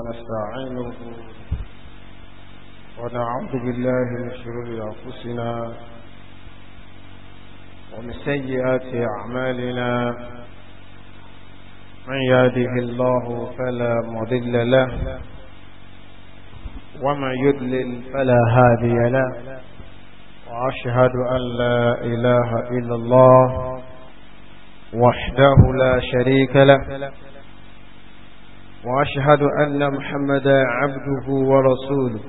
ونستعينه ونعوذ بالله من شرور أنفسنا ومن سيئات أعمالنا من يهده الله فلا مضل له ومن يضلل فلا هادي له وأشهد أن لا إله إلا الله وحده لا شريك له وأشهد أن محمدا عبده ورسوله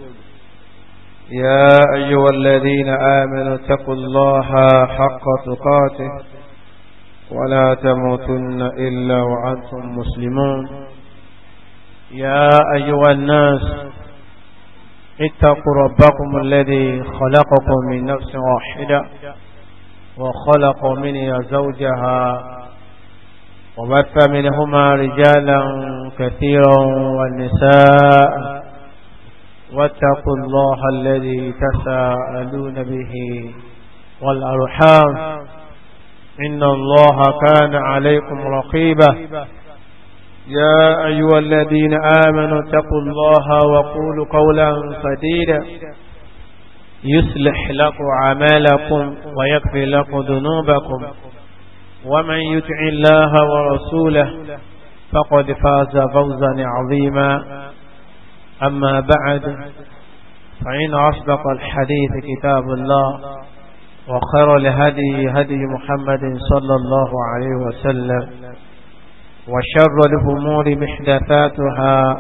يا أيها الذين آمنوا اتقوا الله حق تقاته ولا تموتن إلا وأنتم مسلمون يا أيها الناس اتقوا ربكم الذي خلقكم من نفس واحدة وخلق منها زوجها وبث منهما رجالا كثيرا والنساء واتقوا الله الذي تساءلون به والأرحام إن الله كان عليكم رقيبا يا أيها الذين آمنوا اتقوا الله وقولوا قولا سديدا يصلح لكم عمالكم ويكفي لكم ذنوبكم ومن يطع الله ورسوله فقد فاز فوزا عظيما أما بعد فإن أصدق الحديث كتاب الله وخير الهدي هدي محمد صلى الله عليه وسلم وشر الأمور محدثاتها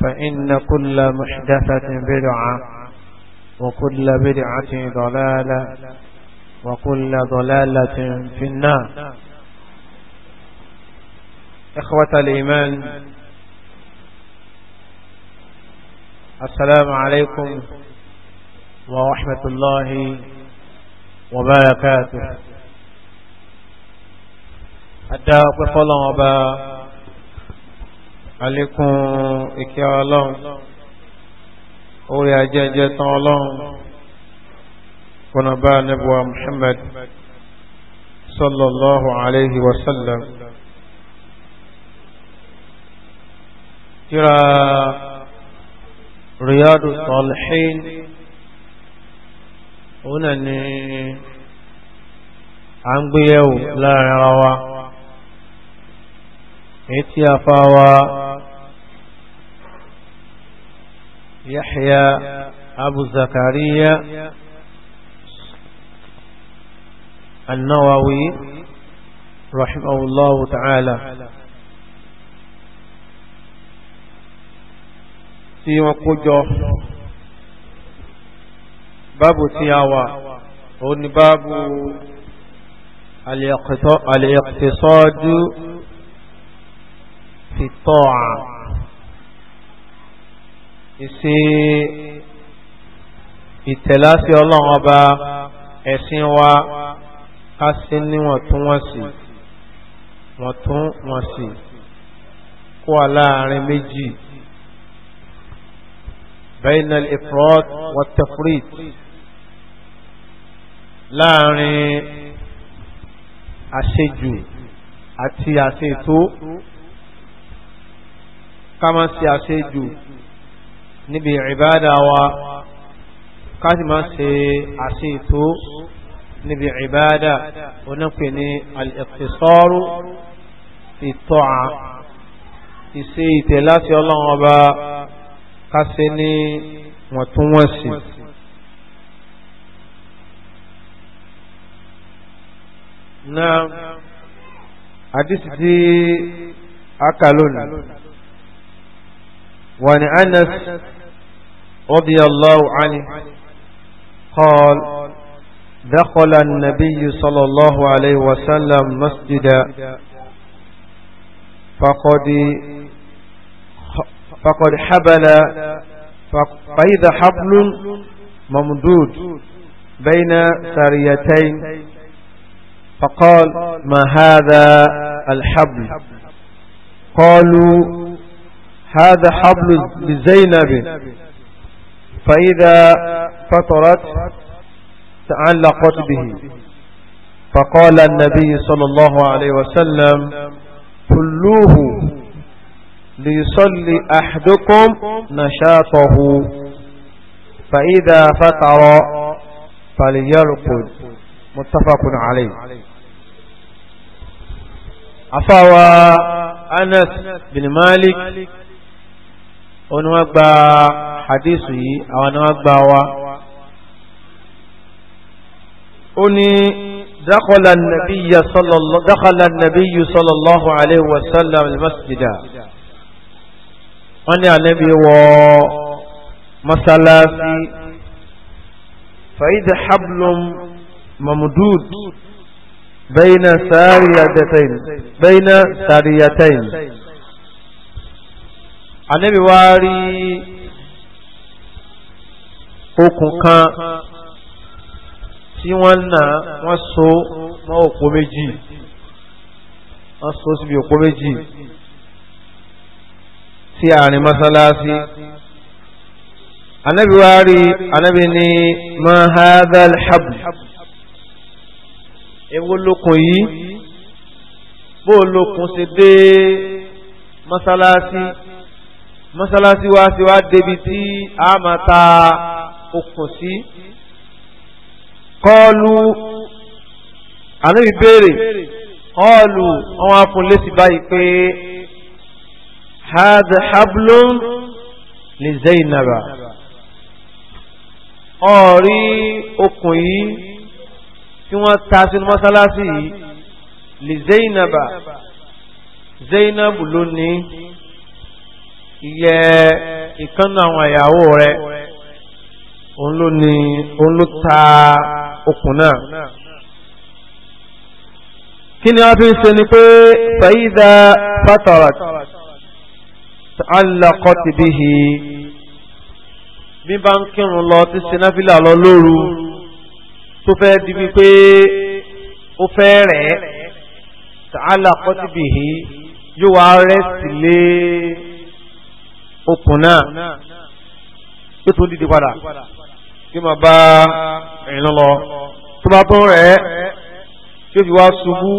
فإن كل محدثة بدعة وكل بدعة ضلالة وكل ضلالة في النار إخوة الإيمان السلام عليكم ورحمة الله وبركاته أدى فلان وبا عليكم إكيا الله أولي أجاجة الله ونبا نبوى محمد صلى الله عليه وسلم ترى رياض الصالحين هنا عن بيو لا روا اتيافاوا يحيى أبو زكريا النووي رحمه الله تعالى tí wọ́n kó jọ báàbù tí a wà ó ní báàbù al-iqtisadu fi ta'a ìṣe ìtẹ̀láṣẹ́ ọlọ́run ọba ẹ̀sìn wa ká sí níwọ̀ntúnwọ̀nsì wọ̀ntúnwọ̀nsì kó wà láàrin méjì bayna al-ifrat wa at-tafrit láàrin àṣejù àti àṣètò ká má ṣe àṣejù níbi ìbádà wa ká sì má ṣe àṣètò níbi ìbáadà onípe ní al-iqtisaru ìtọ́à ìṣe ìtẹ̀ láti ọlọ́run ọba kásẹ̀ ní wọ̀ntúnwọ̀nsì náà àdísì tí a kà lónìí wà ní Anas radiyallahu anhu قال دخل النبي صلى الله عليه وسلم مسجدا فقد فقد حبل فإذا حبل ممدود بين ساريتين فقال ما هذا الحبل قالوا هذا حبل لزينب فإذا فطرت تعلقت به فقال النبي صلى الله عليه وسلم كلوه ليصلي أحدكم نشاطه فإذا فطر فليرقد متفق عليه أفوى أنس بن مالك ونوى حديثه ونوى ó ní dákọ̀lá nàbí yìí sallallahu alaihi wasallam almasjida wọ́n ní ànábì wọ masalasi fa'id hablum mamdud bayna sariyatayn bayna sariyatayn ànábì wá rí okùn kan tí wọ́n nà wọ́n so mọ́ òpó méjì wọ́n so síbi òpó méjì sí àárín mọ́sálásí anabi wa rí anabi ní mahadal habu ewo lókun yìí bó lókun ṣe dé mọ́sálásí mọ́sálásí wa ti wá débi tí a máa ta okùn sí kọlu ànábì béèrè kọlu àwọn afúnlẹ́sì báyìí pé had hablon li zainaba ọ̀rí okùn yìí tí wọ́n ta sínú mọ́sálásí yìí li zainaba zainabu ló ní ìyẹ ìkànnà àwọn ìyàwó rẹ̀ òun ló ní òun ló ta okùn náà kí ni a fi ń ṣe ni pé fàyídà fatarat alakot bihi bí bá ń kírun lọ tí sinafila lọ lóru tó fẹ́ di bí pé ó fẹ́ rẹ̀ alakot bihi yóò wá rẹ̀ sílé okùn náà yóò tún dìde padà tí ma bá ìrìn lọ tó bá tó rẹ̀ tí ó fi wá ṣubú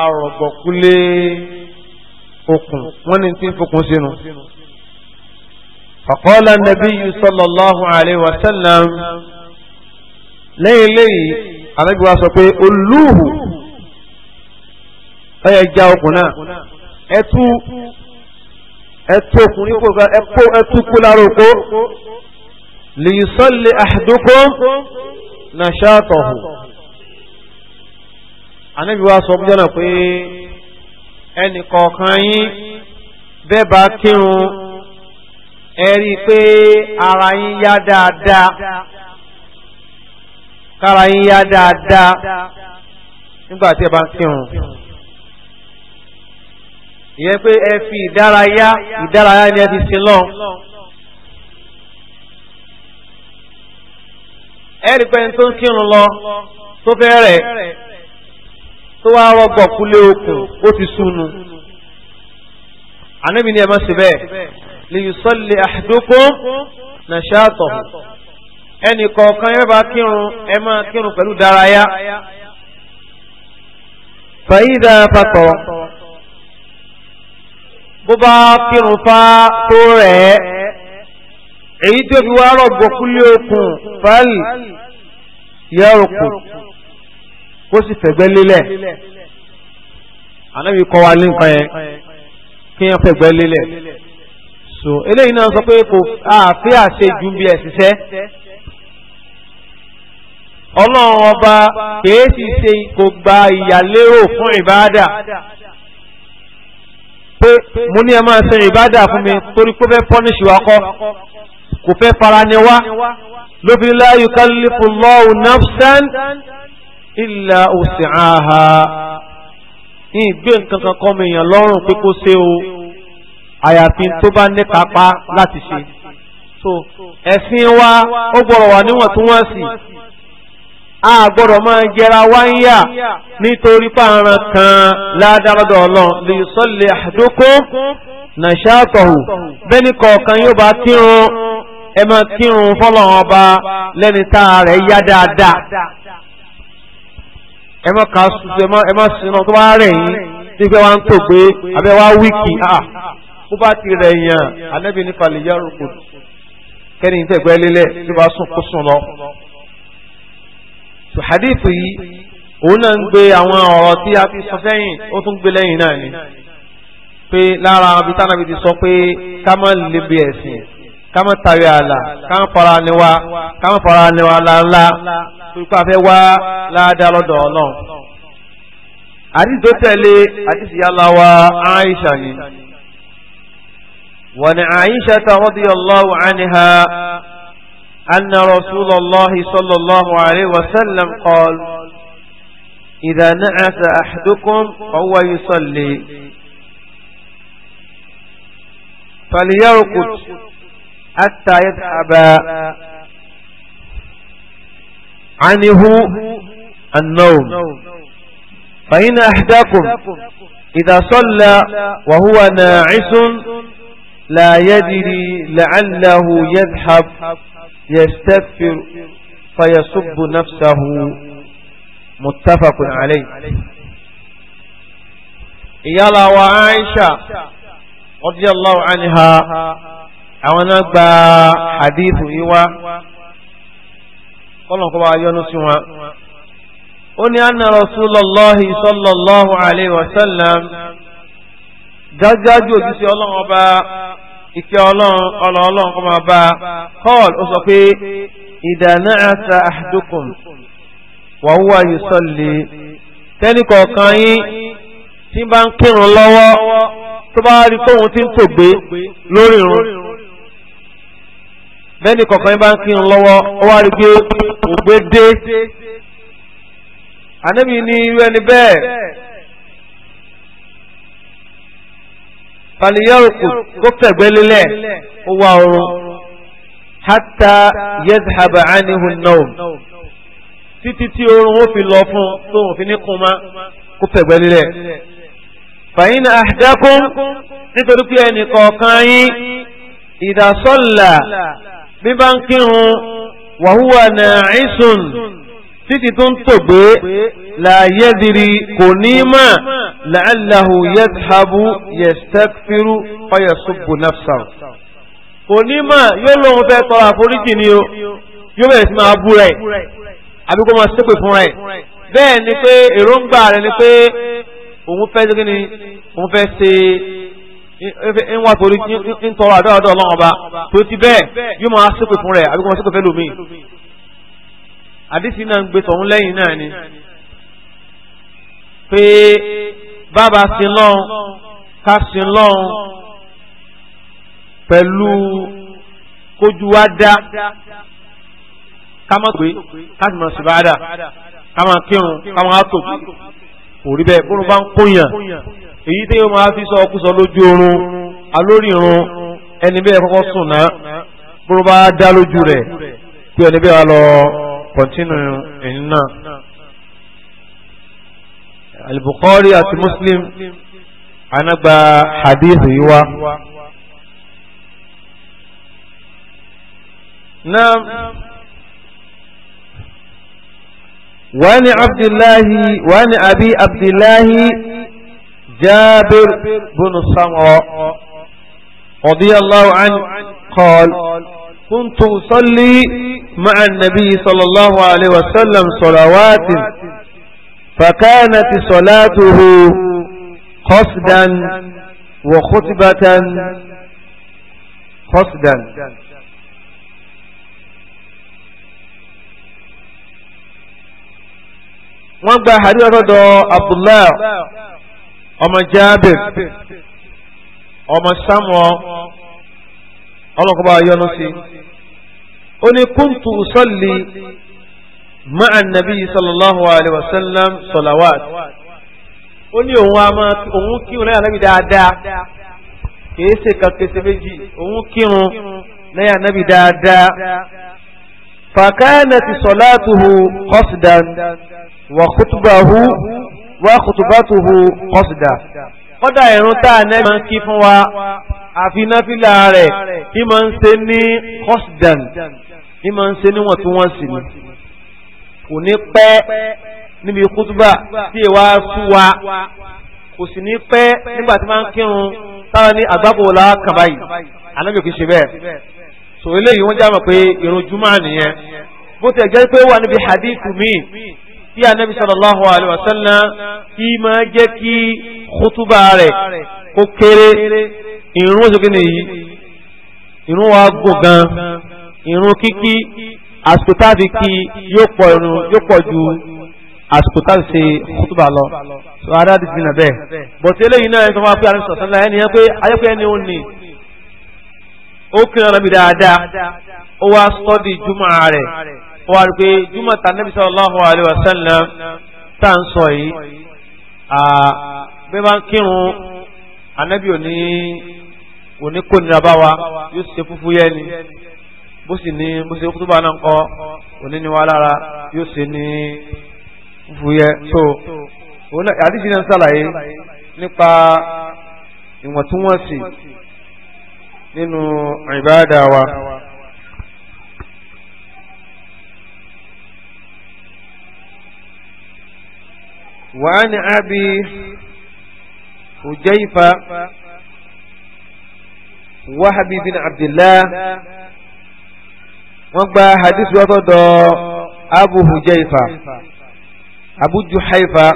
arọ̀gbọ̀kúlé okùn wọ́n ní tí ń fokùn sínú. Faqala an-nabiyyu sallallahu alayhi wa sallam lẹ́yìn lẹ́yìn ànábì sọ pé olúhù ẹ̀yẹ já okùn náà ẹ̀tú ẹ̀tú okùn ní kò ẹ̀kú ẹ̀tú kó lára oko lìsọ́lì àdúkọ́ na ṣáàtọ̀hù anábì wa sọ fún jọ́nà pé ẹnì kọ̀ọ̀kan yín bẹ́ẹ̀ bá kírun ẹ rí i pé ara yín yá dáadáa kára yín yá dáadáa nígbà tí ẹ bá kírun ìyẹn pé ẹ fi ìdárayá ìdárayá ni ẹ ti sin lọ́n. ẹ̀rí pẹ́ni tó ń kírun lọ tó fẹ́ rẹ̀ tó wá rọgbọ̀ kúlé okùn ó ti súnu ànábì ni ẹ má ṣe bẹ́ẹ̀ li yusalli ahadukum nashatahu ẹnì kọ̀ọ̀kan ẹ bá kírun ẹ máa kírun pẹ̀lú dárayá fàyídà pàtó bó bá kírun fa tó rẹ̀ ẹ́ èyí tó fi wá rọ̀gbọ̀ kúlé okùn fáìlì yẹ okùn kó sì fẹ̀gbẹ́ lélẹ̀ ànábì kọ́ wa lé nǹkan yẹn kí yẹn fẹ̀gbẹ́ lélẹ̀ so eléyìí náà sọ pé kò àfi àṣe ju bí ẹ̀ ṣiṣẹ́ ọlọ́run ọba kìí sì ṣe kò gba ìyàlérò fún ìbáàdà pé mo ní ẹ máa ṣe ìbáàdà fún mi torí pé fẹ́ pọ́nìṣì wa kọ́ kò fẹ́ fara ni wá ló fi la yukallifu Allahu nafsan illa usi'aha ní ìgbé nǹkan kan kọ́ mi yàn lọ́rùn pé kó ṣe o àyàfi tó bá ní kápá láti ṣe so ẹ̀sìn wa ó gbọ́dọ̀ wà níwọ̀ntúnwọ̀nsì a gbọ́dọ̀ máa jẹra wáyà nítorí pààrọ̀ kan ládàlọ́dọ̀ ọlọ́run lè sọ́lẹ̀ àdókò nàṣàtọ̀hù bẹ́ẹ̀ ni kọ̀ọ̀kan yóò bá tí ẹ máa kírun fọlọ́run ọba lẹ́ni tá a rẹ̀ yá dáadáa ẹ máa kà á sùsù ẹ máa sinú tó bá rẹ̀ yín tí fẹ́ wá ń tò pé abẹ́ wá wíìkì à bó bá ti rẹ̀ yàn alẹ́bí ní falẹ̀ yá rògbò kẹ́ni ìtẹ̀gbẹ́ lélẹ̀ tí wàá sùn kó sùn lọ. hadithu yìí òun náà ń gbé àwọn ọ̀rọ̀ tí a fi sọ sẹ́yìn ó tún gbé lẹ́yìn náà ni pé lára abitánabiti sọ pé ká má lè bí ẹ̀sìn kama tawe ala kama fara ni wa kama fara ni wa la la tukpa fẹ́ wa la dalo dọọnọ adi do tẹ̀lé adi si yala wa Aisha ni wani Aisha ta radiyallahu anha anna rasulallahi sallallahu alaihi wa sallam qala idha na'asa ahadukum fa huwa yusalli falyarqud حتى يذهب عنه النوم فإن أحدكم إذا صلى وهو ناعس لا يدري لعله يذهب يستغفر فيصب نفسه متفق عليه يلا وعائشة رضي الله عنها àwọn náà gba hadith ìwá kọ́lọ̀ kọ́ bá yọ́nú sí wọn ó ní anna rasulullahi sallallahu alaihi wasallam gágájú òjísí ọlọ́run ọba ìkẹ́ ọlọ́run ọlọ́run kọ́ máa bá kọ́ọ̀l ó sọ pé ìdáná àta ahdukum wa huwa yusalli tẹ́nìkọ̀ọ̀kan yín tí bá ń kírun lọ́wọ́ tó bá rí tóun ti ń tògbé lórí irun bẹ́ẹ̀ni kọ̀ọ̀kan yín bá ń kírun lọ́wọ́ ó wá rí pé ògbé dé ànábì ní irú ẹni bẹ́ẹ̀ fàlìyàrùkù kó fẹ̀gbẹ́ lélẹ̀ ó wá oorun hátà yẹ́dhàbà ánihùn náà títí tí oorun ó fi lọ fún tóun fi ní kùn kó fẹ̀gbẹ́ lélẹ̀ fàyín àdákùn nítorí pé ẹnì kọ̀ọ̀kan yín ìdásọ́là bí bá ń kírun wàhúwà nàìsùn títí tó ń tògbé làyẹ́dìrí kò ní mà làálàhù yẹ́tàbù yẹ́sẹ́kfìrú fayasubbu nafsahu. kò ní mà yóò lóun fẹ́ tọrọ àforíjì ni o yóò bẹ̀rẹ̀ sí máa bú rẹ̀ àbí kó máa ṣépè fún rẹ̀ bẹ́ẹ̀ ni pé èròǹgbà rẹ̀ ni pé òun fẹ́ ṣe ń wá torí ń tọrọ àdọ́dọ́ ọlọ́run ọba tó ti bẹ́ẹ̀ yóò máa ṣépè fún rẹ̀ àbí kò máa ṣépè fẹ́ lómi. àdìsí náà ń gbé tọ̀hún lẹ́yìn náà ni pé bàbá sin lọ́hún ká sin lọ́hún pẹ̀lú kójú wa dá ká má pé ká sì máa sì bá dà ká máa kírun ká máa tó kò rí bẹ́ẹ̀ bóun bá ń kóyàn èyí tí yóò máa fi sọ ọkùsọ lójú oorun alórí irun ẹni bẹ́ẹ̀ kọ́kọ́ sùn náà bó bá dá lójú rẹ̀ pé ẹni bẹ́ẹ̀ wá lọ kọ̀ntínú ẹ̀yìn náà. al àti Muslim anagba hadith yìí wá. نعم وعن عبد الله وعن أبي عبد الله جابر بن سمرة رضي الله عنه قال كنت أصلي مع النبي صلى الله عليه وسلم صلوات فكانت صلاته قصدا وخطبة قصدا wọ́n gba àdúrà tọ́dọ̀ abdullahi ọmọ Jabir ọmọ Samuel ọlọ́kọ̀ọ́bá yọnu sí ó ní kúntù sọ́lì ma'a nabi sallallahu alaihi wasallam salawat ó ní òun a máa òun kírun lẹ́yìn anábì dáadáa kìí ṣe kan kẹsẹ̀ méjì òun kírun lẹ́yìn anábì dáadáa fa kanat salatuhu qasdan wa khutbahu wá kùtùbátùhù kọ́sìdà kọ́dà ìrún tá a nẹ́ máa ń kí fún wa àfináfílà rẹ̀ ní máa ń ṣe ní kọ́sìdàn ní máa ń ṣe níwọ̀ntúnwọ̀nsì ni kò ní pẹ́ níbi kútùbà tí ìwà sú wa kò sì ní pẹ́ nígbà tí máa ń kírun táwọn ní àgbábòlá kàbáyì anábì kì í ṣe bẹ́ẹ̀ so eléyìí wọ́n já mọ̀ pé ìrun jùmọ̀ nìyẹn bó ti ẹ̀ jẹ́ pé wà níbi hadith mi tí anabi sallallahu alayhi wa sallam fi máa jẹ́ kí kútúbà rẹ̀ kó kéré ìrún oṣù kìíní yìí ìrún wa gùn gan ìrún kíkí àsìkò tá a fi kí yóò pọ̀ ìrún yóò pọ̀ ju àsìkò tá a fi ṣe kútúbà lọ sọ adáàdì ti nà bẹ́ẹ̀ bọ̀tí eléyìí náà ẹni tó pé anabi sallallahu ẹni yẹn pé ayọ́pẹ́ ẹni ò ní ó kí ọ̀rọ̀ mi dáadáa ó wá sọ́ọ́dì jùmọ̀ rẹ̀ ó wá rí pé júmọ̀ ta Nabi sallallahu alaihi wasallam tá à ń sọ yìí bí wọ́n kírun anabi ò kò ní kó nira bá wa yóò ṣe fúfú yẹ ni bó sì ní bó ṣe kútúbà náà kọ kò ní ní wa lára yóò ṣe ní fúfú yẹ so àdìsí náà sàlàyé nípa ìwọ̀ntúnwọ̀nsì nínú ìbáradà wa. وعن أبي حجيفة وهب بن عبد الله وقال حديث وقد أبو حجيفة أبو جحيفة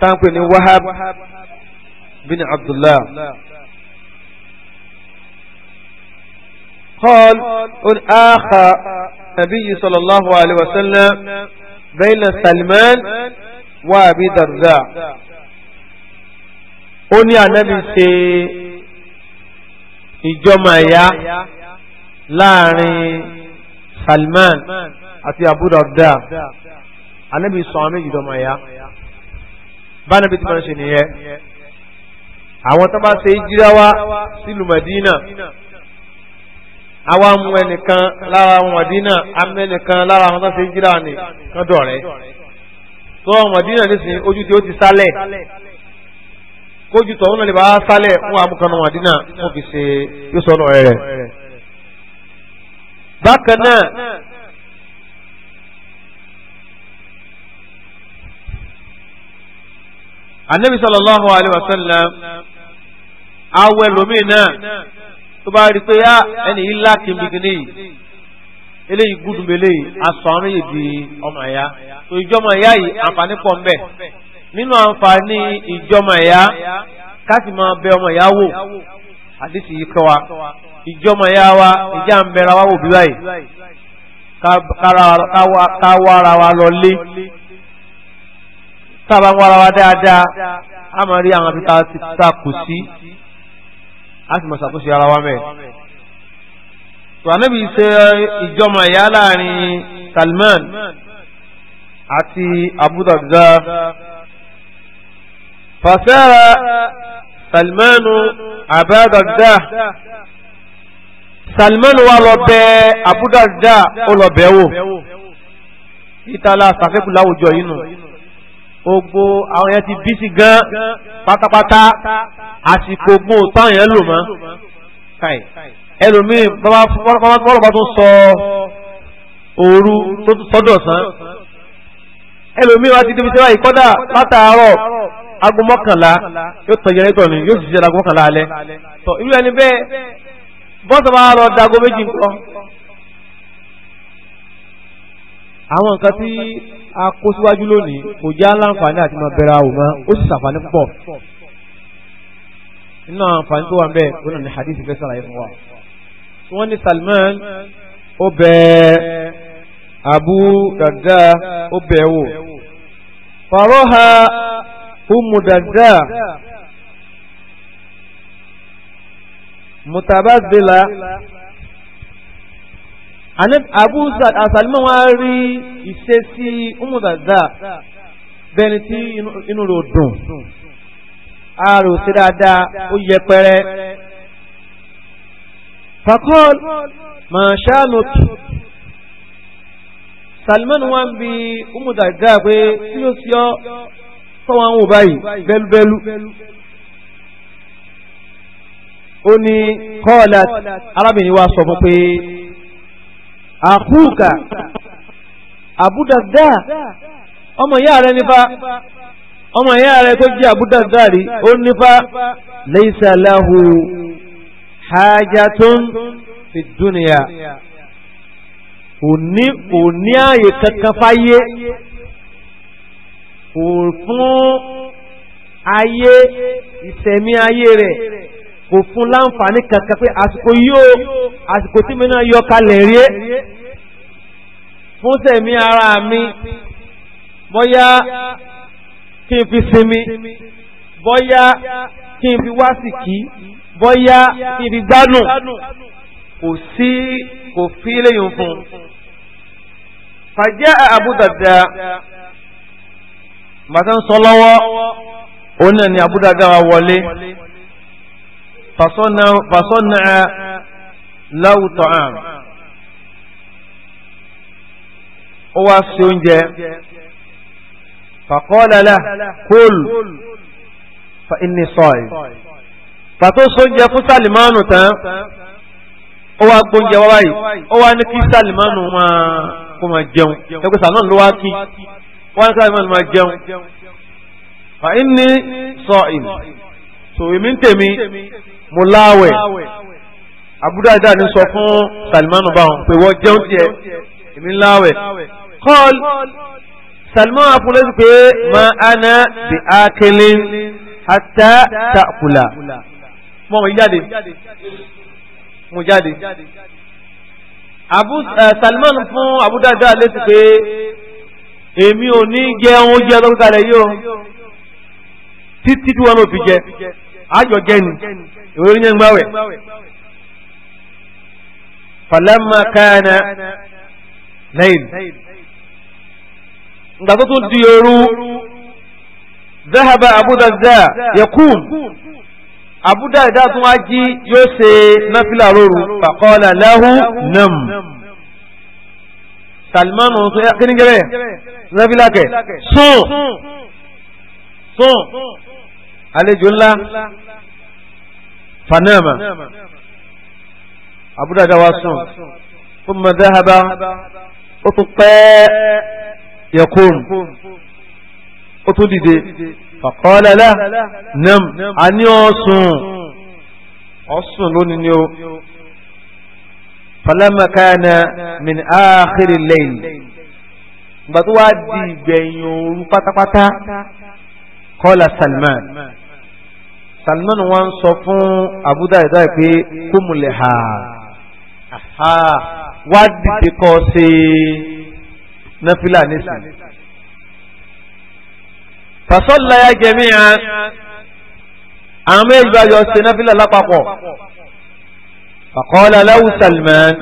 تنقل وهب بن عبد الله قال قل نبي صلى الله عليه وسلم بين سلمان wa Abi Darda ó ní ànábì ṣe ìjọmọ̀ ẹ̀yà láàrin Salman àti Abu Darda ànábì sọ àwọn méjì ìjọmọ̀ ẹ̀yà bánabi tí wọ́n ṣe nìyẹn àwọn tó bá ṣe ìjíráwá sílùú Madina àwa mú ẹnìkan lára Madina amẹ́nìkan lára àwọn tó ṣe ìjíráwá ní kọ́dọ̀ rẹ̀ tọ́wọ́ mọ̀dínà nísìnyí ojú tí ó ti sálẹ̀ kójú tọ̀hún náà lè bá sálẹ̀ fún amúkanu mọ̀dínà fún fi ṣe yóò sọ ọ̀rẹ́ rẹ̀. bákan náà anabi sallallahu alayhi wa sallam awẹ lomiin náà tó bá rí pé yá ah, ẹni yìí lákìmbìgì ní eléyìí gúdùmẹ́lẹ́yìí àwọn yìí di ọmọ ẹ̀yà tó ìjọmọ ìyá yìí àǹfààní pọ̀ ń bẹ nínú àǹfààní ìjọmọ ìyá káàsì máa bẹ ọmọ ìyá wò àdìsí yìí kọ́ wa ìjọmọ ìyá wa ìjà ń bẹra wa wò bí báyìí ká wá ara wa lọ lé tá a bá ń wá ara wa dáadáa a máa rí àwọn abíta ti ta kù sí a sì máa ṣàkóso ara wa mẹ́ẹ̀. tùwánábì ṣe eh, ìjọmọ ìyá láàrin Salman àti Abu Darda fasara Salmanu Abu Darda Salmanu wa lọ bẹ̀ Abu Darda ó lọ bẹ̀ wò ìtàlá sàfẹ́kù láwùjọ yìí nù gbogbo àwọn yẹn ti bí sí gan pátápátá àsìkò gbọ́n táwọn yẹn lò mọ́ ẹlòmíì bọ́lá bá tún sọ òru tó sọ́dọ̀ sàn ẹlòmíì wá ti débi sẹ́wà ìkọ́dà látàárọ̀ aago mọ́kànlá yóò tàn jẹrẹ́tọ̀ ni yóò sì ṣiṣẹ́ aago mọ́kànlá alẹ́ tọ́ irú ẹni bẹ́ẹ̀ bọ́sà máa lọ dago méjì nǹkan. àwọn nǹkan tí a kó síwájú lónìí kò já láǹfààní àti máa bẹ̀rẹ̀ àwò mọ́ ó sì ṣàǹfààní púpọ̀ nínú àǹfààní tó wà ń bẹ̀ ó nà ní hadith fẹ́ sàlàyé fún wa. wọ́n ní Salman ó bẹ̀ẹ́ Abu Darda ó bẹ̀ wò faroha Ummu Darda mutabazila Abu Salima wa rí ìṣesí Ummu Darda bẹni tí inú rò dùn àrò sí dáadáa ó yẹpẹrẹ fakọ́l màṣánù tù. Salman wa ń bi umu dàgá pé kí ló sí ọ tọ́wọ́ àwọn báyìí bẹ́lúbẹ́lú ó ní kọ́ọ̀lá arábìnrin wa sọ fún pé àkúùkà Abu Darda ọmọ ìyá rẹ nípa ọmọ ìyá rẹ tó jẹ́ Abu rí ó nípa laysa lahu hajatun fi dunya òní òní ààyè kankan fáyé kò fún ayé ìsẹ̀mí ayé rẹ̀ kò fún láǹfààní kankan pé àsìkò yóò àsìkò tí mi náà yọ kalẹ̀ rí fún sẹ̀mí ara mi bóyá kí n fi sinmi bóyá kí n fi wásìkí bóyá kí n fi gbádùn kò sí kò fi léyìn fún un fàjẹ́ Abu Darda bàtà ń sọ lọ́wọ́ òun náà ni Abu Darda wa wọlé fasọ́nà láwùtọ̀ àm ó wá sí oúnjẹ fàkọ́lẹ́lẹ́ kóòlù fa inni sọ́ọ̀ì pàtó sóúnjẹ fún Sálìmánù tán ó wá gbóúnjẹ wá ó wá ní kí Sálìmánù máa kó máa jẹun ẹgbẹ́ sàlọ́n ló wá kí wọ́n á sáré máa jẹun fa inni sa'im so èmi ń tèmi mo láwẹ̀ abúdáadáa ní sọ fún Salmanu báwọn pé wọ́n jẹun tiẹ̀ èmi ń láwẹ̀ kọ́l Salman afúnlẹ́sì pé ma ana bi akilin hatta ta'kula mọ̀ jáde mo jáde abu eh, salman fún abudada létí pé èmi ò ní jẹ oúnjẹ lọ́gbà rẹ̀ yóò títí tí wọn ò fi jẹ àjọ jẹni ìwé orí yẹn ń gbáwẹ̀. falamma kana layl ìgbà tó tún di òru zahaba abudada yakun àbúdá ìdá tún wá jí yóò ṣe náfìlà lóru fàkọ́ọ́lá lẹ́hùn nàm Salman ọ̀sán yá kíní gẹ́rẹ́ náfìlà kẹ̀ sùn sùn àlejò ńlá fanama àbúdá ìdá wa sùn fún mọ̀dáhàbá ó tún pẹ́ yẹkùn ó tún dìde fàkọ́lẹ̀ lẹ́ nam a ní ọ̀sùn ọ̀sùn lónìí ni ó falamakana min áàkiri lẹ́yìn ìgbà tó wá di ìgbẹ̀yìn òru pátápátá kọ́lá Salman Salman wọn sọ fún Abu Darda pé kúmùlẹ̀ ha wá dìde kọ́ sí náfìlà nísìnyí fasọ́lá ya jẹ̀mí ya àwọn méjì bá yọ ṣe náfìlà lápapọ̀ fàkọ́lá aláwù Salman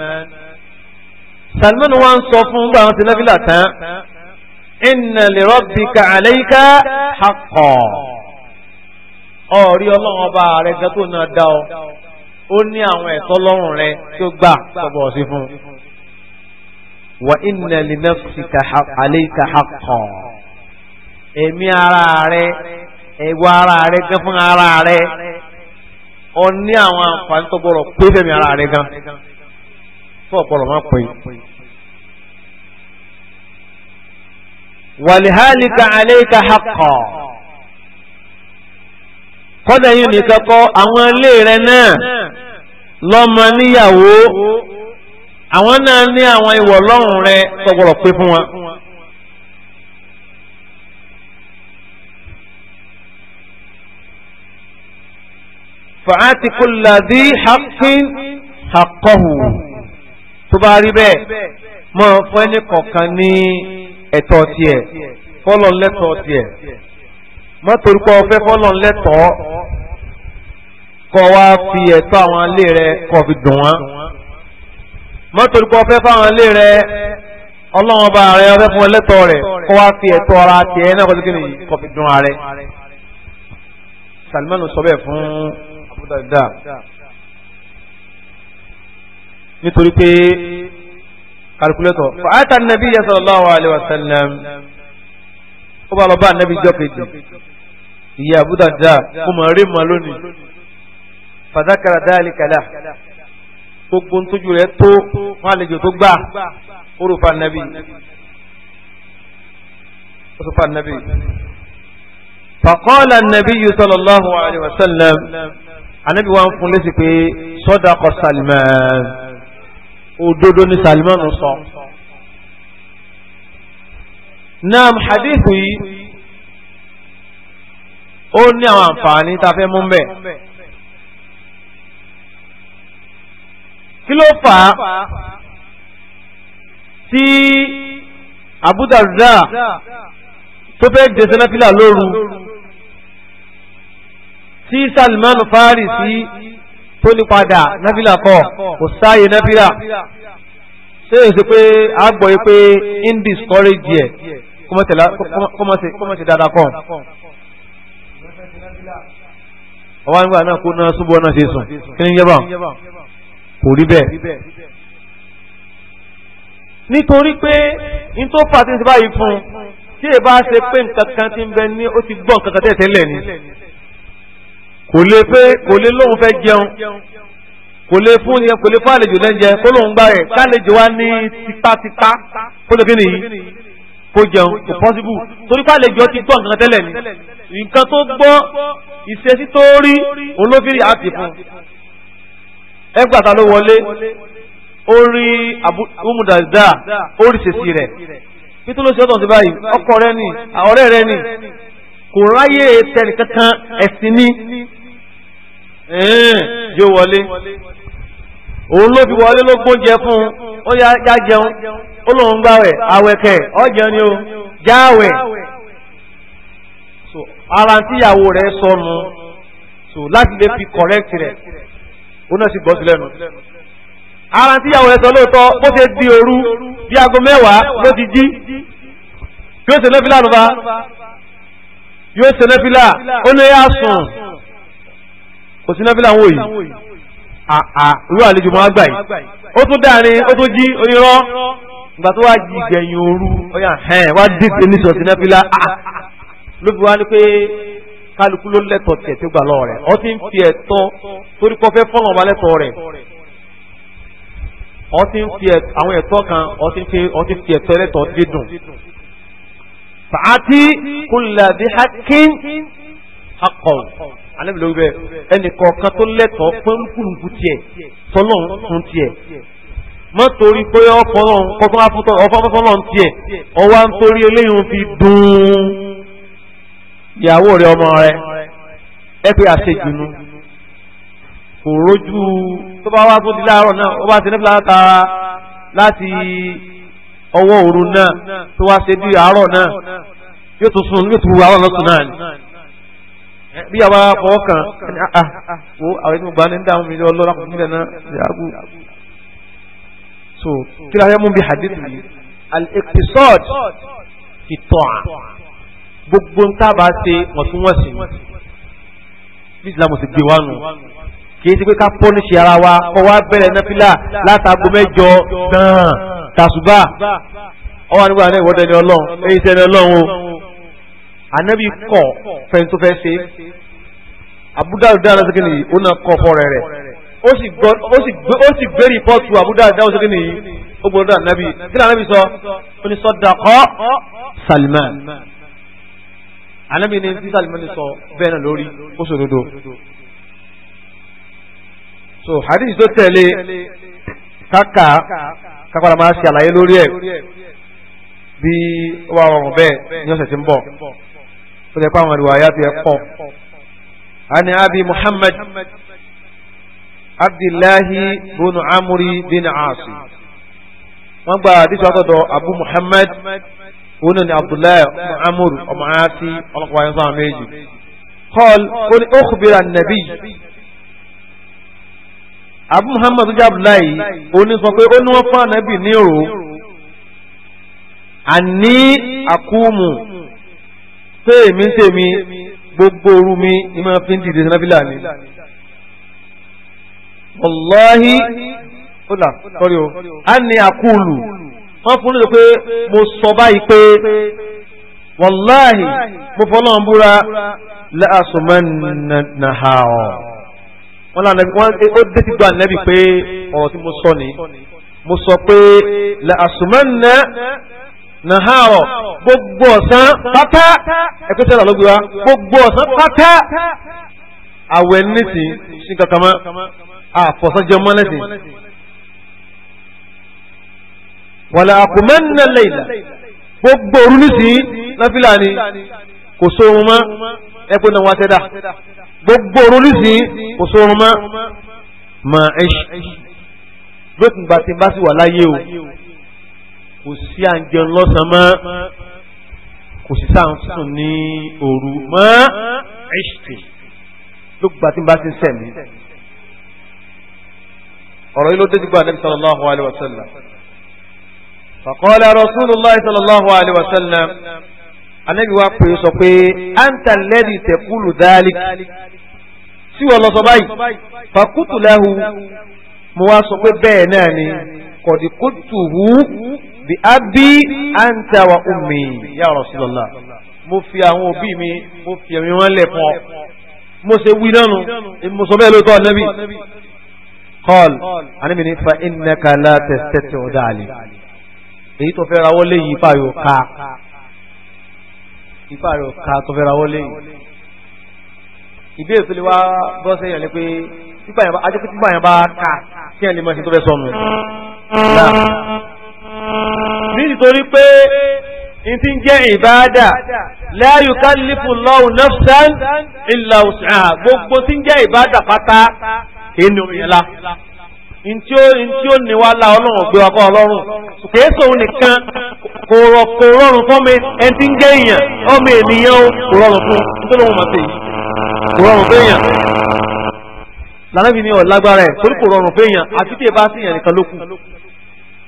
Salman wa ń sọ fún gbà wọn ṣe náfìlà tán inna li rabbika alayka haqqan ọ̀rí ọlọ́run ọba rẹ̀ gan tó náà dá ọ ó ní àwọn ẹ̀tọ́ lọ́rùn rẹ̀ tó gbà tọ́bọ̀ sí fún wa inna li nafsika alayka haqqan. emi ara rẹ ẹ̀wọ̀ ara rẹ gan ara rẹ ọ ní àwọn àǹfààní tó gbọ́dọ̀ pé ara rẹ gan tó ọ̀pọ̀lọ̀ máa pè é. wàlíhálíkà àléékà hakọ̀ kọ́dà yìí nìkan kọ́ àwọn ilé rẹ náà lọ́mọ níyàwó àwọn náà ní àwọn ìwọ̀ rẹ tó gbọ́dọ̀ pé fún wọn. fàáti kò làdí haqqin haqqahu tó bá rí bẹ́ẹ̀ mọ́ fún ẹni kọ̀ọ̀kan ní ẹ̀tọ́ tiẹ̀ fọ́lọ̀ lẹ́tọ̀ọ́ tiẹ̀ mọ́ torí pé ọfẹ́ fọ́lọ̀ lẹ́tọ̀ọ́ kọ́ wá fi ẹ̀tọ́ àwọn ilé rẹ̀ kọ́ fi dùn wọ́n mọ́ torí pé fáwọn ilé rẹ̀ ọlọ́wọ́n bá rẹ̀ ọfẹ́ fún ẹlẹ́tọ̀ọ́ rẹ̀ kọ́ wá fi ẹ̀tọ́ ara tiẹ̀ náà kọ́ fi dùn ààrẹ Salman sọ bẹ́ẹ̀ fún Darda nítorí pé kàlùkúlétọ̀ fàáta nàbí yẹ sallallahu alaihi wasallam ó bá bàbá nàbí jọ kejì ìyá Abu Darda mo mọ̀ rí mọ̀ lónìí fàdákàrà dáàlì kàlà gbogbo ntójú rẹ̀ tó wọn àlejò tó gbà ó rò fa nàbí ó rò fa nàbí. فقال النبي صلى الله عليه وسلم anabi wa ń fún lésì pé sadaqa Salman òdodo ni Salman sọ. naam hadithu yìí ó ní àwọn àǹfààní tá a fẹ́ mú kí ló fà á tí Abu Darda tó fẹ́ dẹsẹ́ náfìlà lóru tí Salman Farisi tó ní padà náfìlà kọ kò sáàyè náfìlà ṣé èsì pé àgbọ̀ yìí pé in discourage yẹ kọ́mọ̀tì dáadáa kọ́ ọwọ́ nígbà náà kó náà súnbọ̀ náà ṣe sùn kí ni yẹ́bà kò rí bẹ́ẹ̀ nítorí pé n tó fà sí báyìí fún un tí èbá ṣe pé nǹkan kan ti ń bẹ ní ó ti gbọ́ nǹkan tẹ̀ tẹ́lẹ̀ ni kò lè pé kò lè lóun fẹ́ jẹun kò lè fún yẹn kò lè fún àlejò lẹ́njẹ kó lóun gbá rẹ̀ kálejò wa ní tipátipá kó lè kí nìyí kó jẹun kò pọ́sibú torí kálejò ti gbọ́ nǹkan tẹ́lẹ̀ ni nǹkan tó gbọ́ ìṣesí tó rí olófìrí àti fún ẹgbà ta ló wọlé ó rí umudada ó rí ṣèṣì rẹ̀ ló ṣe ọ̀tọ̀ sí báyìí ọkọ rẹ̀ ni ọ̀rẹ́ rẹ̀ ni kò ráyè tẹnìkankan ẹ̀sìn ni yóò wọlé òun ló fi wọlé ló gbóúnjẹ fún un ó yá jẹun ó lóun gbá wẹ̀ àwẹ̀kẹ̀ ọ̀jẹ̀ ni o jáwẹ̀ so ara tí ìyàwó rẹ̀ sọnù so láti lè fi correct rẹ̀ ó náà sì gbọ́ sí lẹ́nu ara tí ìyàwó rẹ̀ sọ lóòótọ́ bó ṣe di òru bí aago mẹ́wàá ló ti jí yóò ṣe lẹ́fílà ló bá yóò ṣe lẹ́fílà ó lè yá kò sí náfìlà àwọn òyì irú àlejò máa gbà yìí ó tún dáàrin ó tún jí onírọ́ ìgbà tó wá jí ìgbẹ̀yìn òru ọyà hẹ́n wá dìde níṣọ́ sí náfìlà ló fi wá ní pé kálukú ló lẹ́tọ̀ tiẹ̀ tó gbà lọ́wọ́ rẹ̀ ọ ti ń fi ẹ̀tọ́ torí kọ́ fẹ́ fọ́nà ọba lẹ́tọ̀ rẹ̀ ọ ti ń fi àwọn ẹ̀tọ́ kan ọ ti ń fi ẹ̀tọ́ lẹ́tọ̀ dídùn fàátì kùlà bí hakin akọ̀ alẹ́bi lórí bẹ́ẹ̀ ẹnì kọ̀ọ̀kan tó lẹ́tọ̀ọ́ pẹ́ńpùlùpù tiẹ̀ tọ́lọ́n fún tiẹ̀ mọ́ torí pé ọ̀fọ́lọ́n kọ́kọ́ afọ́tọ́ ọ̀fọ́fọ́lọ́n tiẹ̀ ọwá ń torí eléyìí fi dùn ìyàwó rẹ ọmọ rẹ ẹ pé àṣejùnú kò rójú tó bá wá tó di láàárọ̀ náà ó bá ti nípa látara láti ọwọ́ òru náà tó wá ṣe bí àárọ̀ náà yóò tún sùn yóò tún wà lọ́sùn náà ni bí àwa fọwọ́ kan ẹni àà wo àwọn ètò ìgbà ní dáhùn mi lọ lọ́la kò nílẹ̀ náà so kí ló fẹ́ mú bí hadith yìí al-iqtisad fi tọ́à gbogbo ń tábà ṣe wọ̀túnwọ̀sì bí islam ti gbé wa nù kì í ṣe pé ká pọ́nìṣì ara wa kọ́ wa bẹ̀rẹ̀ náfìlà látago mẹ́jọ náà tàṣùbà ọwọ́ àdúgbò àná ìwọ́dẹ ni ọlọ́run èyí sẹ́ni ọlọ́run o anabi kọ fẹn tó fẹ́ ṣe abudarda náà sẹkẹ nìyí ó náà kọ fọrẹ rẹ ó sì gbé rìpọ́tù abudarda náà sẹkẹ nìyí ó gbọ́dọ̀ anabi kí ni anabi sọ ó ní sadaqa Salman anabi ní tí Salman sọ bẹ́ẹ̀ náà lórí ó sọ dodo so hadith tó tẹ̀lé kaka kàkàrà máa si àlàyé lórí ẹ̀ bí ó wà rọrùn bẹ́ẹ̀ ní ọ̀sẹ̀ tí ń ó lè pa àwọn riwayat tó yẹ pọ̀. ani abi muhammad abdullahi bin amri bin aasi wọ́n gba àdìsí ọ̀tọ̀dọ̀ abu muhammad wọn ni abdullahi amur ọmọ aasi ọlọ́kùnrin ayé sáà méjì. qal ó ní ó abu muhammad jẹ́ abdullahi ó sọ pé ó ní fún ànábì ní òru àní àkúmù ṣé èmi ń tèmi gbogbo òru mi ni máa fi ń dìde sinabila ni wàláhi ọ̀là sọ́rí o a ní àkúlù wọ́n fún mi pé mo sọ báyìí pé wàláhi mo fọlọ́ ń búra láàsùnmọ́ nàá ọ̀ wọ́n lànà wọ́n ó dé ti gba ànábì pé ọ̀rọ̀ tí mo sọ ni mo sọ pé láàsùnmọ́ nàá nàhárọ̀ gbogbo ọ̀sán pátá ẹ̀kọ́ tẹ́lá ló gbéra gbogbo ọ̀sán pátá àwẹ̀ nísìn sí kankanmá àfọ̀sán jẹ mọ́ lẹ́sìn. wàlẹ̀ àkùmẹ́nà lẹ́yìnlá gbogbo òru nísìn náfìlà ni kò sóorun mọ́ ẹ̀kọ́ náà wá tẹ́dá gbogbo òru nísìn kò sóorun mọ́ mà ẹ̀ṣ gbẹ́kùngbà tí n bá sì wà láyé o kò sí à ń jẹun lọ́sàn mọ́ kò sí sáà ń sùn ní òru mọ́ ẹ̀ṣtì ló gba tí n bá ti ń sẹ̀mí. ọ̀rọ̀ yìí ló dé dìgbà Nabi sallallahu alayhi wa sallam. faqala rasulullah sallallahu alayhi wa pè é sọ pé anta alladhi taqulu dhalik tí wọ́n lọ sọ báyìí faqultu lahu mo wá sọ pé bẹ́ẹ̀ náà ni kọ̀dí kútùhù bí abi anta wa ummi ya Rasulullah mo fi àwọn òbí mi mo fi ẹ̀mí wọn lẹ̀ fún ọ mo ṣe wí nánu mo sọ bẹ́ẹ̀ lóòótọ́ nẹ́bí kọ́l àníbi ní fa innaka la tẹ̀sítẹ́tẹ̀ ọ̀dà àlè èyí tó fẹ́ ra wọlé yìí ipa yóò ká ipa yóò ká tó fẹ́ ra wọlé yìí ìbéèrè tó lè wá bọ́ sẹ́yìn lé pé ipa yẹn bá ajẹ́pẹ́ tí ipa yẹn bá ká kí ẹ̀ lè mọ̀ sí tó fẹ́ sọnù nítorí pé ìtí ń jẹ́ ìbáadà la yukallifu Allahu nafsan illa wus'aha gbogbo tí ń jẹ́ ìbáadà pátá inú ìyẹlá ntí ó ntí ó ní wá la ọlọ́run gbé wa kọ́ ọlọ́run kèésì òun nìkan kò rọ kò rọrùn fún mi ẹni tí ń gé èèyàn ọmọ ènìyàn ó kò rọrùn fún nítorí òun máa ṣe kò rọrùn fún èèyàn lànà bí ní ọ̀ lágbára ẹ̀ torí kò rọrùn fún èèyàn àti tí ẹ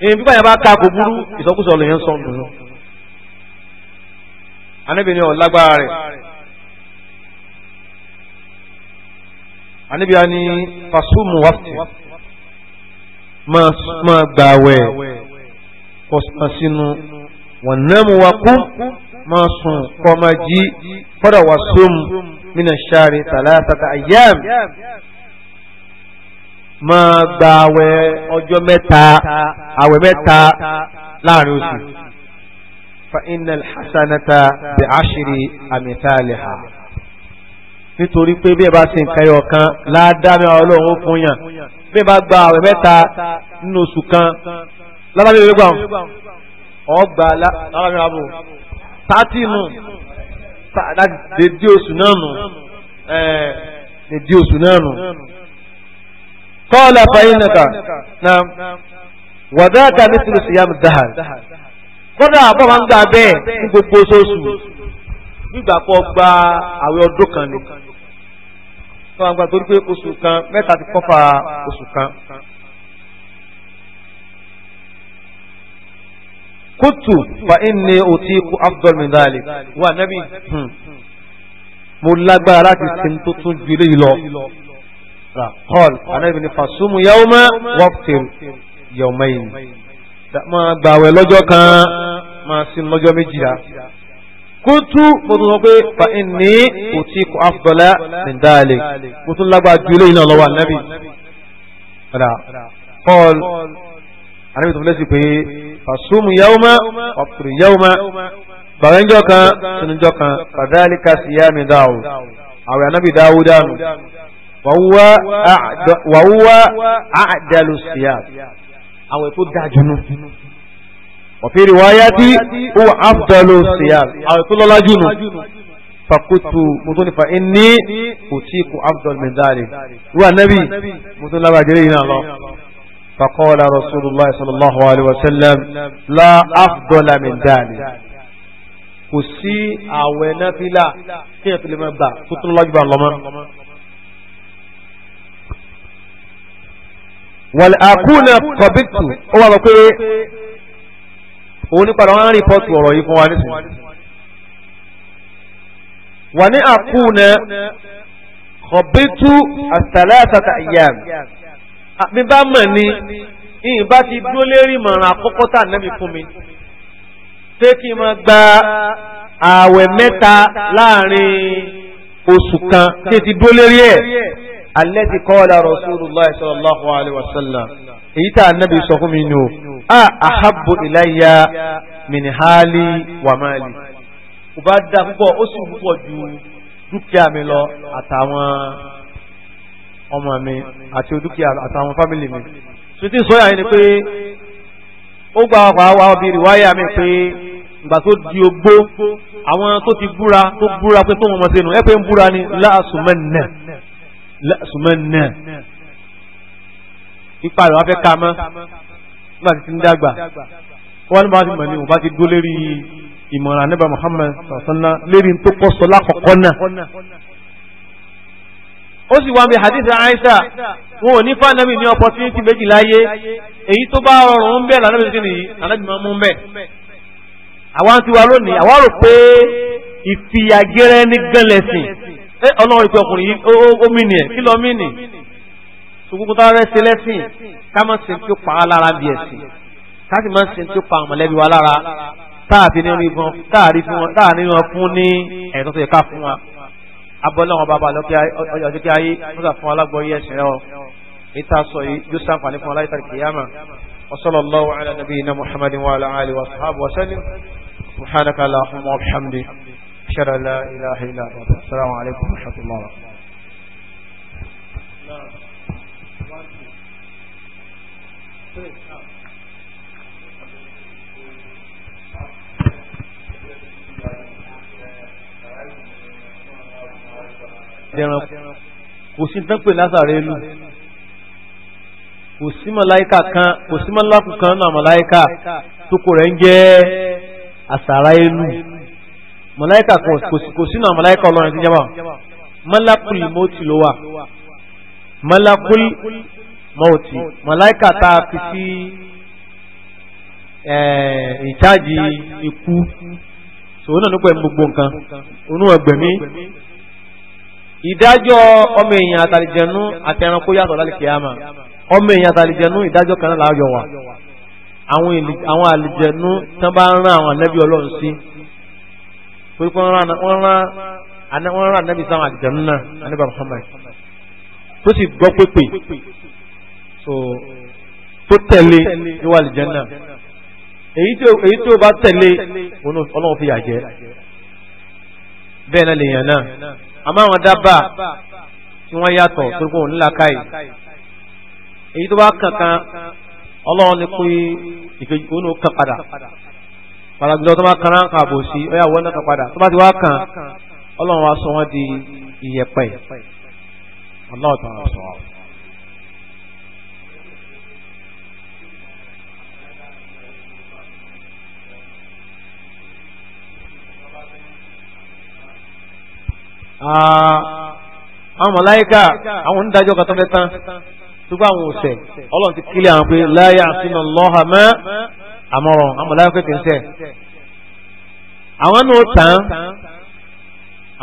èyí bí báyà bá ká kò burú ìsọkúsọ lè yẹn sọ ń dùnú anabi ni ọlágbára rẹ anabi a ní fasumu wafti máa gbàwẹ̀ kọsùn sínú wọn nàmú wa kú máa sùn kọ́ máa jí wà sóòmù mina ṣáre tàlátàtà ayyam máa gbàwẹ̀ ọjọ́ mẹ́ta àwẹ̀ mẹ́ta láàrin oṣù fa'inna hasanata bi ashiri amithaliha nítorí pé bí ẹ bá ṣe nǹkan ẹyọ kan ládàámi ọlọ́run fún yàn bí ẹ bá gba àwẹ̀ mẹ́ta nínú oṣù kan lábàbí ìwé gbà ọgbà lábàbí ààbò tààtì nù láti oṣù náà nù dédé oṣù náà nù kọ́ọ̀lá fàyínàkà náà wàdáàkà mithlu siyam dahar kọ́dà àbọ̀wá ń gbà bẹ́ẹ̀ ní gbogbo oṣooṣù gbígbà kọ́ gba àwẹ̀ ọdún kan ni tó wà ń gbà torí pé oṣù kan mẹ́ta ti kọ́fà oṣù kan. kútù fa inni utiku afdal min dhalik wà nábì hmm. mo lágbára láti sin tó tún ju eléyìí lọ. kọ́ọ̀lù anábìnrin fasumu yawma waqtir yọ̀mẹ́yìn máa gbàwẹ̀ lọ́jọ́ kan máa sin lọ́jọ́ méjìlá kútú mo tún sọ pé fa inni kò tí kò afdọ́lá ní dáàlẹ̀ mo tún lágbàá ju eléyìí náà lọ́wọ́ ànábì paul ànábì tó fi lẹ́sìn pé fasumu yawma ọ̀pùrù yawma bàwẹ́njọ́ kan sinújọ́ kan fadhalika siyami dáwò àwẹ̀ ànábì dáwò dánù wàhúwà àdàlù síyàmì àwẹ̀ tó dáa jù nù. ọ̀fẹ́ rẹ̀ wáyá tí ó wà áfùdálò síyà àwẹ̀ tó lọ́lá jù nù. fakutu mutu nifa inni utiku afdal min dhalik wa nabi mutu laba jere ina lo فقال رسول الله صلى الله عليه وسلم لا أفضل من ذلك kò sí àwẹ̀ náfìlà kí ẹ̀ tó lè máa gbà tó tún lọ́jọ́ bá lọ́mọ́ wọ̀lẹ̀ àkúnà kọ̀bìtù ó wà pé òun nípa àwọn rìpọ́tù ọ̀rọ̀ yìí fún wa nísìnyí wà ní àkúnà kọ̀bìtù àtàlásàtà ìyàm mi bá mọ̀ ni ìyìn bá ti dúró lérí mọ̀ràn àkọ́kọ́ tà nẹ́mi fún mi pé kí n máa gba ààwẹ̀ mẹ́ta láàrin oṣù kan tí ti dúró lérí ẹ̀ alẹ́ti kọ́ọ̀lá rasulullah sallallahu alaihi wasallam èyí tà nábi sọ fún mi ní o a ahabbu ilayya min hali wa mali kò bá dá púpọ̀ ó sì púpọ̀ ju dúkìá mi lọ àtàwọn ọmọ mi àti dúkìá àtàwọn fámìlì mi títí sọ́yà yìí ni pé ó gba ọkọ̀ àwa obì rìwáyà mi pé ìgbà tó di ogbó àwọn tó ti búra tó búra pé tó wọn mọ̀ sínú ẹ pé ń búra ni láàsùmẹ́nẹ̀ lẹ́sùmọ́ náà ipa rẹ̀ wá fẹ́ ka mọ́ nígbà tí ti ń dàgbà wọ́n ní bá ti mọ̀ ní òun bá ti dó lérí ìmọ̀ràn anábà Muhammad sọ̀sánná lérí tó kọ́ sọ lákọ̀ọ́kọ́ náà ó sì wá bí hadith Aisha wọn ò ní fún anabi ní opportunity méjì láyé èyí tó bá rọrùn ń bẹ̀ lànà bẹ̀rẹ̀ sí nìyí anabi máa mú bẹ̀ àwa ti wá lónìí àwa rò pé ìfìyàgẹrẹ ní gẹlẹsìn ẹ ọlọ́run ìpè ọkùnrin yìí ó mìnì ẹ̀ kí lọ mìnì ṣùgbọ́n tó rẹ́ ṣe lẹ́sìn ká má ṣe tí ó pa á lára bí ẹ̀sìn ká sì má ṣe tí pa àwọn mọ̀lẹ́bí wa lára táàfin ní wọn táàrí wọn fún ní ẹ̀tọ́ tó yẹ ká fún wa abọ́láwọn bàbá ọjọ́ kíkẹ́ ayé wọ́n sà fún wa lágbọ́yé ẹ̀sìn rẹ̀ ọ níta sọ yìí yóò sàǹfààní fún wa láyé tàbí kìyàmà وصلى الله على نبينا محمد وعلى آله وأصحابه وسلم سبحانك اللهم وبحمدك أشهد أن لا إله إلا الله السلام عليكم ورحمة الله وبركاته dẹran kò sí tẹ́pẹ̀ lásàrẹ́ lù kò sí màláíkà kan kò sí màláíkà kan náà màláíkà tó kò rẹ̀ ń jẹ́ àsàrà ìlú mọ̀láìkà kò sínú àwọn mọ̀láìkà ọlọ́run ti jẹ́bọ̀ mọ́lákùlì mọ́tì ló wà mọ́lákùlì mọ́tì ta tá a fi sí ìcháàjì ikú sòwọ́n náà gbogbo nǹkan onú ọgbẹ̀mí ìdájọ́ ọmọ èèyàn àtàlìjẹ̀nú àti ẹranko yàtọ̀ lálẹ́kẹ̀ẹ́yàmà ọmọ èèyàn àtàlìjẹ̀nú ìdájọ́ kan náà láàyò wà àwọn tán bá ń rán torí pé wọ́n rán anábì sáwọn àdìjẹ́nu náà anábì Muhammad tó sì gbọ́ pépè tó tẹ̀lé yóò wà àdìjẹ́nu náà èyí tó bá tẹ̀lé ọlọ́run fi yà jẹ́ bẹ́ẹ̀ náà lèèyàn náà àmọ́ àwọn dábàá tí wọ́n yàtọ̀ torí pé òun èyí tó bá kankan ọlọ́run ní pé ìkejì òun kan padà pàtàkì lọ tó bá kan ráńkà bò sí ọyà wọ́n náà kan padà tó bá ti wá kan ọlọ́run wa sọ wọ́n di ìyẹ̀pẹ̀ ọlọ́run tó wọ́n sọ wọ́n. àwọn mọ̀láyíká àwọn onídàájọ́ kan tó fẹ́ tán ṣùgbọ́n àwọn òṣè ọlọ́run ti kílẹ̀ àwọn pé láyé àfihàn lọ́hàmẹ́ àmọ́rọ̀ àmọ́láyọ̀ kékeré sẹ́ àwọn náà tán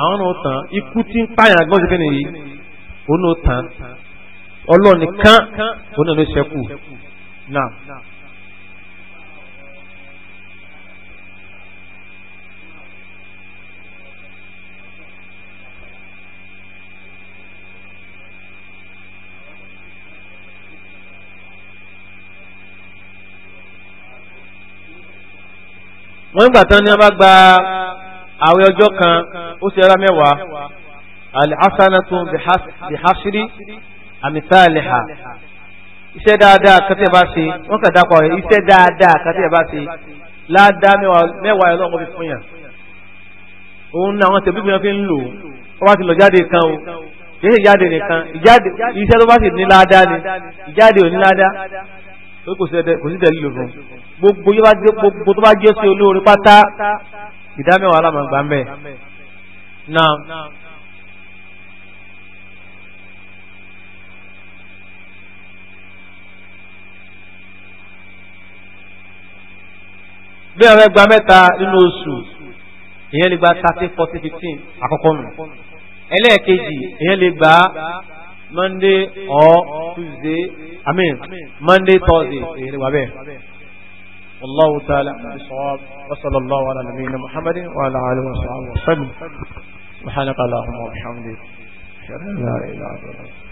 àwọn náà tán ikú tí ń pààyàn agbọ́n sí kéde yìí òun náà tán ọlọ́ọ̀nì kan òun náà ló ṣẹ́kù náà. wọ́n ń gbà tán ní wọ́n bá gba àwẹ̀ ọjọ́ kan ó sì ẹ̀rá mẹ́wàá alhassanatun bihasiri amisaliha iṣẹ́ dáadáa kan tí ẹ bá ṣe wọ́n kàn dápọ̀ rẹ̀ iṣẹ́ dáadáa kan tí ẹ bá ṣe ládàá mẹ́wàá ẹ̀ fi fún yàn òun náà wọ́n tẹ̀bí fún yàn fi ń lò ó wá ti lọ jáde kan o kì í ṣe jáde nìkan iṣẹ́ tó bá sì ní ládàá ni ìjáde ò ní ládàá pé kò sí tẹ̀lé lò fún gbogbo gbogbo tó bá jẹ́ sí olóore pátá ìdámẹ́wàá alámọ̀gbà mẹ́ náà bí àwọn ẹgbàá mẹ́ta nínú oṣù ìyẹn lè gba thirty forty fifteen àkọ́kọ́ nù ẹlẹ́ẹ̀kejì ìyẹn lè gba Monday or Tuesday, Amen. mean, Monday, Thursday, èrè wà bẹ́ẹ̀. Wallahu ta'ala bisawab wa sallallahu ala nabiyyina Muhammadin wa ala alihi wa sahbihi wa sallam. Subhanaka Allahumma wa bihamdika. Shukran la ilaha